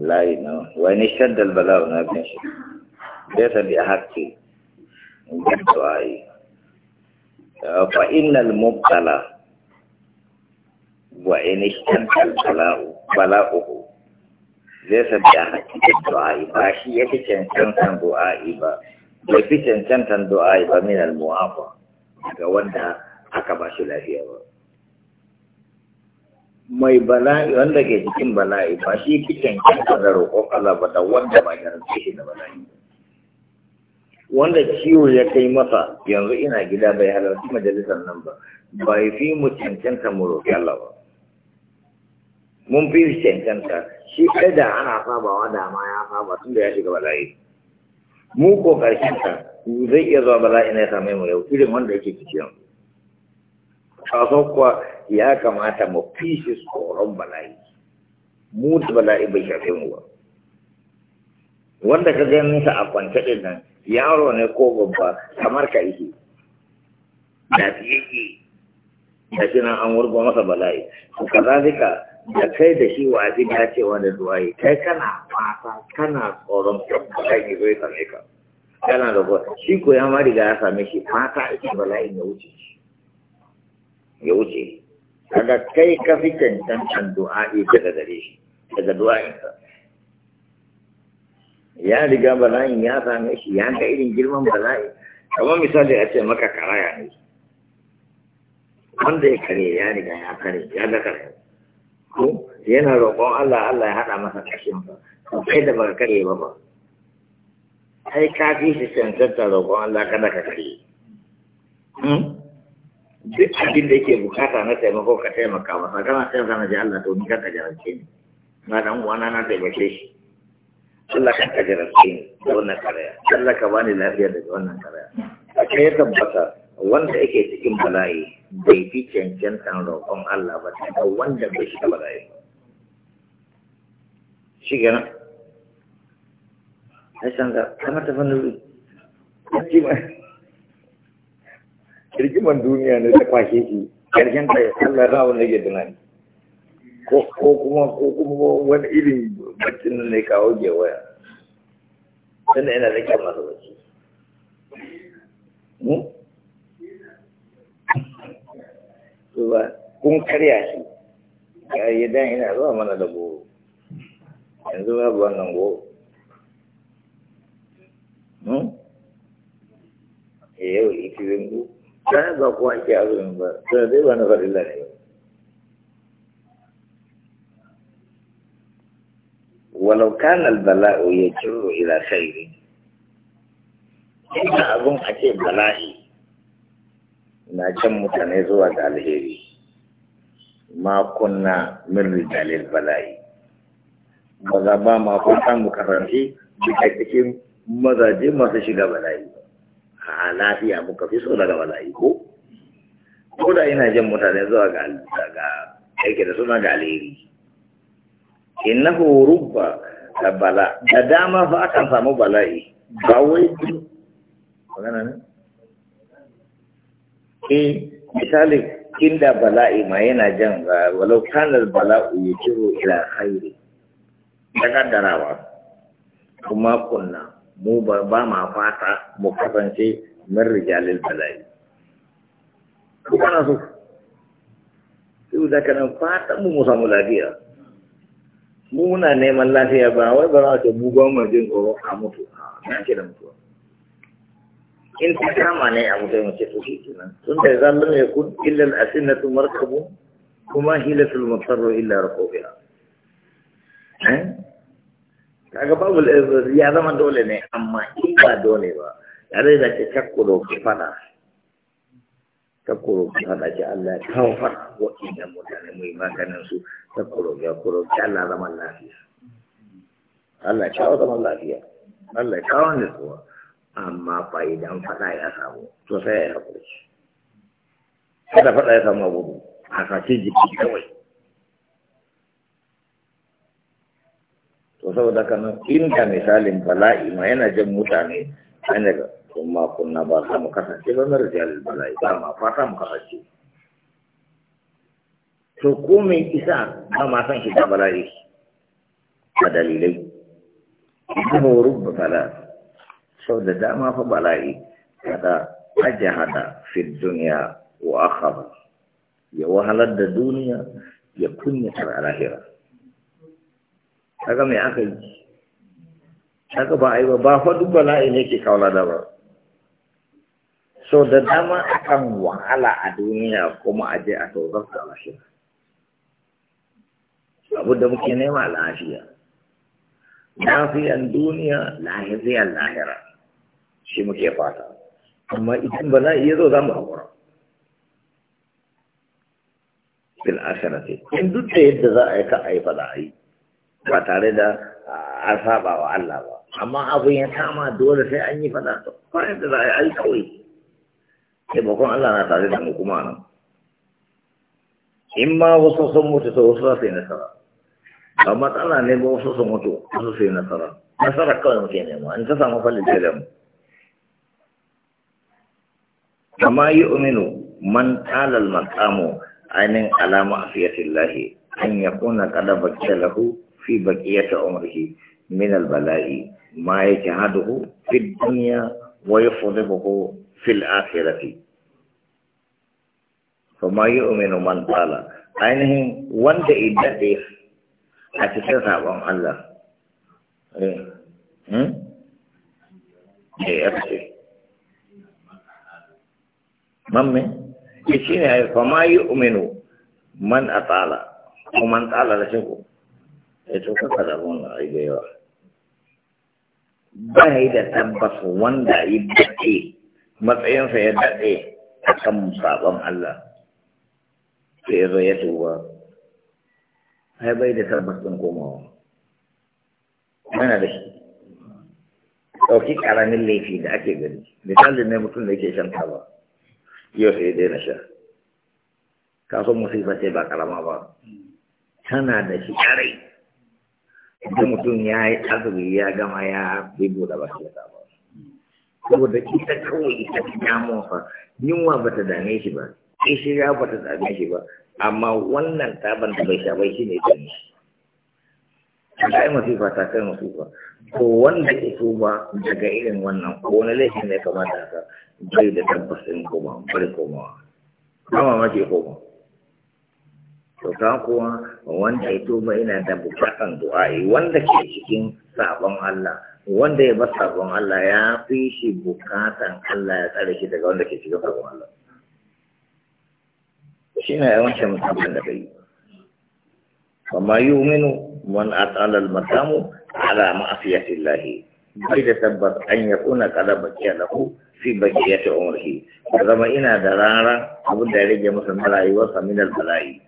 layi na wani shaddal bala'a na bin shi bisa bi haƙƙi bin du'ayi fa innal mubtala wa in shaddal bala'u bala'uhu bisa bi haƙƙi du'ayi ba shi yake cancantan du'ayi ba bai fi dan doa ba min muafa ga wanda aka masuk lagi. lafiya ba mai bala'i wanda ke cikin bala'i masih shi fi cancanta da roƙon Allah ba wanda ba ya da bala'i wanda ciu ya kai masa yanzu ina gida bai halarci majalisar nan ba bai fi mu cancanta mu roƙi Allah ba mun fi cancanta shi da ana sabawa da ma ya saba tun da ya shiga bala'i mu ko ƙarshen ta zai iya zuwa bala'i na ya mai mu yau irin wanda yake ciki yau kasan kuwa ya kamata mu fi shi tsoron bala'i mu da bala'i bai shafe mu ba wanda ka gani ka a kwance din nan yaro ne ko babba kamar ka yi da fiye da shi nan an wurgo masa bala'i to kazalika da kai da shi wa fi dacewa da duwaye kai kana fata kana tsoron kai ne zai same ka kana da ba shi ko ya mari ga ya same shi fata ita bala'in ya wuce ya wuce kaga kai ka fi cancantan du'a'i daga gare shi daga du'a'in ka ya riga bala'in ya same shi ya ga irin girman bala'i kamar misali a ce maka karaya ne wanda ya kare ya riga ya kare ya ga kare ko yana roƙon Allah Allah ya haɗa masa kashin ba kai da baka kare ba ba ai ka fi shi cancanta roƙon Allah kada ka kare hmm? duk abin da yake bukata na taimako ka taimaka masa kana sai sana ji Allah to ni ka jarance ni na dan uwana na taimake shi Allah ka jarance ni da wannan karaya Allah ka bani lafiya daga wannan karaya a kai tabbata wanda yake cikin bala'i bai fi cancantan roƙon Allah ba ta wanda bai shiga bala'i ba shi gana ai san ga kamar ta fannin kirgiman duniya ne ta kwashe shi ƙarshen ta Allah ya rawa nage da nan ko kuma ko kuma wani irin baccin ne kawo ke waya sannan yana da kyau masu bacci hmm? ba kun karya shi ya dan ina zuwa mana da goro yanzu babu wannan goro hmm? eh, yau ikirin ku ta ba kuwa ke azumin ba sai dai ba na farilla ne walau kana albala'u ya ciro ila khairi ina abun ake bala'i na jan mutane zuwa ga alheri ma kunna min rijalil bala'i ba za ba ma kun samu karanci da cikin mazaje masu shiga bala'i a lafiya muka fi so daga bala'i ko ko da ina jan mutane zuwa ga aiki da suna ga alheri innahu rubba da bala da dama fa akan samu bala'i ba wai magana ne eh misali inda bala'i ma yana jan walau kanar bala'u ya ciro ila khairi da kaddarawa kuma kunna mu ba ma fata mu kasance min rijalil bala'i kuma na so su da kanan fata mu mu samu lafiya mu muna neman lafiya ba wai ba za ta mu ba mu jin tsoro a mutu a na ke da mutuwa in ta kama ne abu da mace to shi kenan tun da zan lam yakun illa al-asinatu markabu kuma hilatul mutarru illa rakubiha eh kaga babu ya zama dole ne amma in ba dole ba yare da ke takkuro ki fada takkuro ki fada ki Allah ya kawo fada wa inda mutane mu yi maganin su takkuro ya kuro ki Allah zaman lafiya Allah ya kawo zaman lafiya Allah ya kawo nutsuwa amma fa idan faɗa ya samu to sai ya haƙuri kada faɗa ya samu abubu a kashe jiki kawai to saboda kana inda misalin bala'i ma yana jan mutane an daga sun kunna ba za mu kasance ba na rijal bala'i ba ma fata mu kasance to ko mai isa ba ma san shiga bala'i a dalilai. Ibu rubba bala'i sau da dama fa bala'i kada ajahada fi duniya wa akhara ya wahalar da duniya ya kunyatar a lahira kaga mai aka yi kaga ba a ba fa duk bala'i ne ke kawo ba sau da dama akan wahala a duniya kuma a je a tozar da lahira abu da muke nema lahiya lafiyan duniya lahiriyar lahira shi muke fata amma idan ba na iya zo za mu haƙura fil akhirati in duk da yadda za a yi ka a yi fada a yi ba tare da an saba wa Allah ba amma abin ya kama dole sai an yi fada to ba yadda za a yi kawai sai bakon Allah na tare da mu kuma nan in ma wasu sun mutu to wasu za su yi nasara ba matsala ne ba wasu sun mutu wasu su yi nasara nasara kawai muke nema in ta samu fallin da mu kama yu'minu man talal maqamu ainin alama afiyatillahi an yakuna qad baqiya fi baqiyati umrihi min albala'i ma yajhaduhu fi dunya wa yafdhibuhu fi al-akhirati fama yu'minu man tala ainihin wanda iddade a cikin sabon Allah eh hmm? eh man me shi ne fa ma yu'minu man atala ko man tala da shi E eh to kaka da wannan ai da yawa ba yi da tabbas wanda yi daɗe matsayinsa ya daɗe a kan sabon Allah sai ya zo ya tuba ai bai da tabbas ɗin komawa yana da shi ɗauki ƙaramin laifi da ake gani misali ne mutum da yake shan taba yau sai dai na sha so masifa ce ba karama ba tana da shi karai da mutum ya yi azumi ya gama ya bibu da shi ta ba da ita kawai ita ta damuwa yunwa ba ta dame shi ba ya ba ta dame shi ba amma wannan taban da bai sha bai shi ne dame shi ta yi masifa ta kai ba Ko wanda ke so ba daga irin wannan ko wani laifin ne kamata ka bai da tabbas ɗin koma bari komawa ma ce koma to ka kuma wanda ya tuba ina da bukatan du'a'i wanda ke cikin sabon Allah wanda ya bar sabon Allah ya fi shi bukatan Allah ya tsare shi daga wanda ke cikin sabon Allah shi na yawancin musamman da bai amma yuminu man atala al-matamu ala ma'asiyati lahi. bai da tabbas an yakuna qad bakiya ku. fi bayyati umrihi Zama ina da rara abin da rage masa marayuwa sa min al balai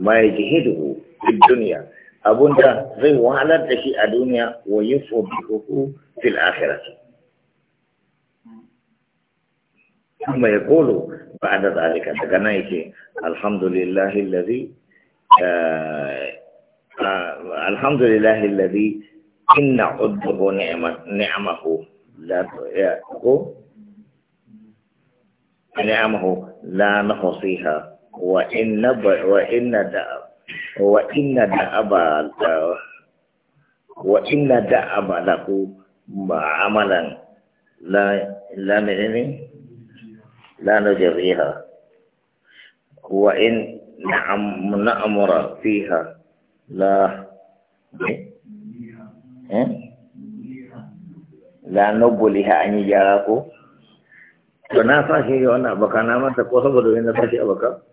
ma yajhiduhu fi dunya abun da zai wahalar da shi a duniya wa yusbihu fi al akhirati kuma ya kolo ba a da zalika daga nan yake alhamdulillahi alladhi eh, ah, alhamdulillahi alladhi inna udhu ni'amahu la ya eh, ko an'amahu la nahsiha wa inna wa inna da wa amalan la la minni la najriha wa in la eh la nubliha an yaraku to na sashi ga wannan aboka na manta ko saboda wani na sashi aboka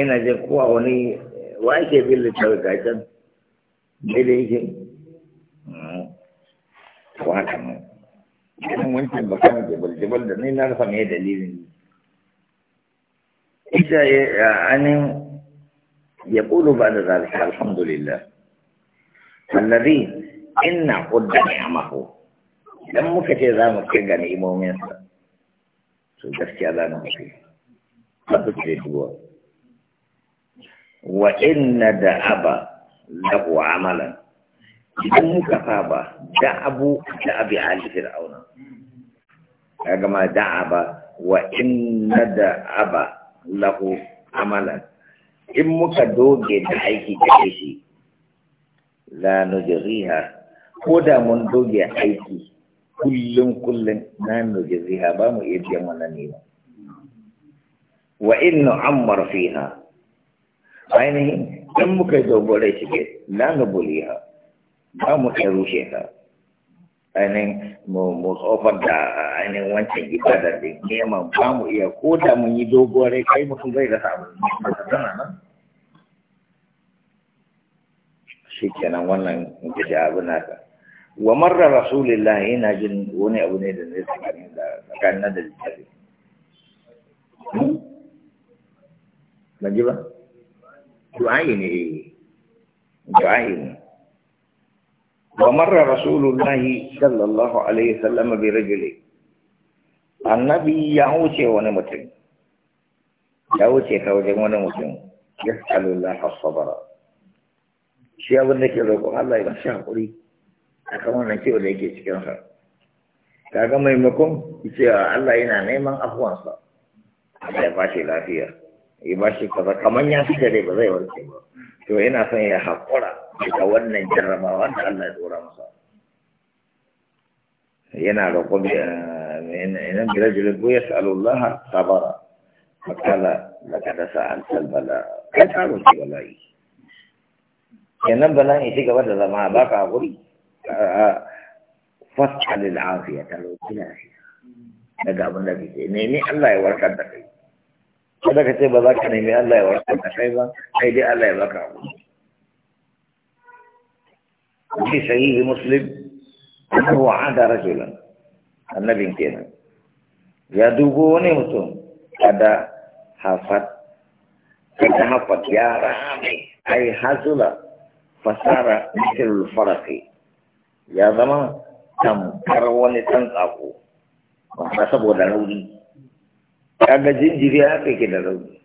ina je kowa wani wa yake bin littafi ga can daidai yake ko haka ne wancan baka na jibal jibal da ni na rasa mai dalilin ita ya anin ya kulu ba da zalika alhamdulillah الذي إن a نعمه idan muka ce za mu kai ga ni'imominsa to gaskiya za mu kai abu ce duwa wa inna da aba lahu amalan idan muka faba da abu da abi hali auna ya gama da aba wa inna da aba lahu amalan in muka doge da aiki da shi la nujriha ko da mun doge aiki kullum kullum na nuje ziha ba mu iya biyan wannan ba wa inna ammar fiha ainihin dan muka dogorai cike la buliha ba mu iya rushe ta ainihin mu tsofar da ainihin wancan ibadar da neman ba mu iya ko da mun yi dogorai kai mutum zai rasa abu da tana na shi kenan wannan in abin naka wa marra rasulillah ina jin wani abu ne da zai tsakanin da tsakanin da littafi hmm? ban ji ba du'ayi ne eh. du'ayi ne wa marra rasulullah sallallahu alaihi wasallam bi rajuli annabi ya wuce wani mutum ya wuce ka wajen wani mutum ya sallallahu sabara shi abin da ke roƙon Allah ya ba shi haƙuri a kan wannan kyau da yake cikinsa kaga maimakon cewa Allah yana neman afuwansa Allah ya bashi lafiya ya bashi kaza kaman ya fi dare ba zai warke ba to yana son ya haƙura daga wannan jarrabawa da Allah ya dora masa yana roƙo eh, ina birajulin ko ya Allah sabara makala daga da sa'an salbala kai karon ki bala'i kenan bala'i shi gaba da zama ba ka haƙuri fas'alil afiya ta na lafiya daga abin da kake nemi Allah ya warkar da kai kada ka ce ba za ka nemi Allah ya warkar da kai ba kai dai Allah ya baka abu fi sahihi muslim annahu ada rajulan annabin kenan ya dubo wani mutum kada hafat kada hafat ya rame ai hazula fasara misalul farasi ya zama tamkar wani ɗan tsako wasa saboda rauni kaga jinjiri ya kai ke da rauni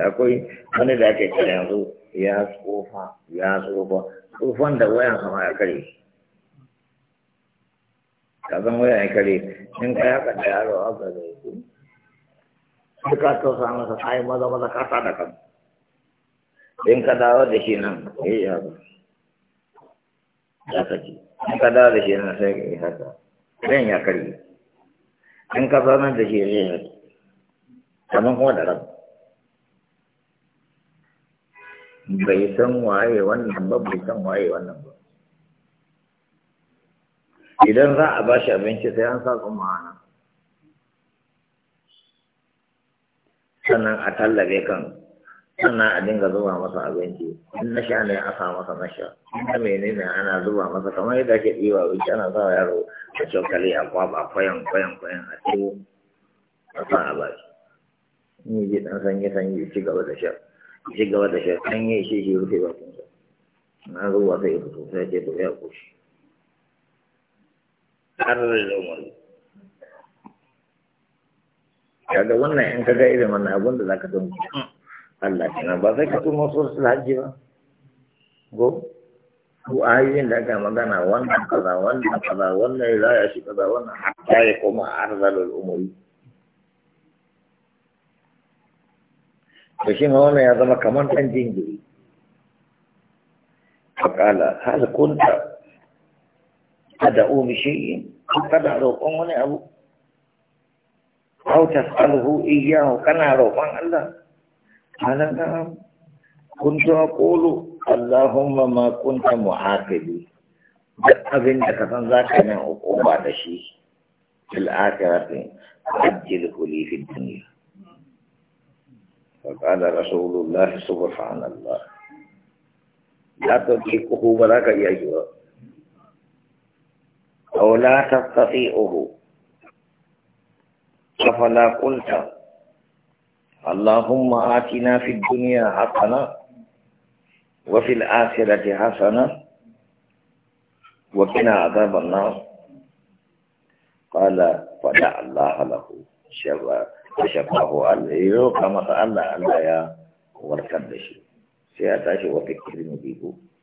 akwai wani da ake kira yanzu ya tsofa ya tsofa tsofan da wayan sama ya kare ka zan wayan ya kare in ka yaka da yaro a ga zai ku sai ka tausa masa ai maza maza ka sa da kan in ka dawo da shi nan eh yaro za ka in ka dawo da shi yana sai ka yi haka ran ya karye in ka zaunar da shi zai haka kamar kuma da rabu bai san waye wannan ba bai san waye wannan ba idan za a bashi abinci sai an sa kuma hana sannan a tallabe kan sannan a dinga zuba masa abinci in na sha ne a sa masa na sha in na menene ana zuba masa kamar yadda ake ɗiba abinci ana sa yaro a cokali a kwaba kwayan kwayan kwayan a ciwo a sa a baki in ji ɗan sanyi sanyi ci gaba da sha ci gaba da sha yi shi shi rufe kunsa na zuba sai ya fito sai ce to ya kushi har da umaru kaga wannan in kaga irin wannan abun da zaka zama Allah kenan ba sai ka tuno suratul hajji ba go ko ayoyin da aka magana wannan kaza wannan kaza wannan za ya shi kaza wannan hatta ya koma arzalul umuri to shi ma wannan ya zama kamar ɗan jingiri faƙala hal kunta tada'u bi shay'in kada roƙon wani abu aw tas'aluhu iyyahu kana roƙon Allah أنا نعم كنت أقول اللهم ما كنت معاقبي أبن كفن ذاك أنا بعد شيء في الآخرة أجله لي في الدنيا فقال رسول الله سبحان الله لا تطيقه ولا يجوى أو لا تستطيعه أفلا قلت اللهم آتنا في الدنيا حسنة وفي الآخرة حسنة وقنا عذاب النار قال فدع الله له شفاه عليه كما سأل الله يا وركب شيء سيأتي وفكر مجيبه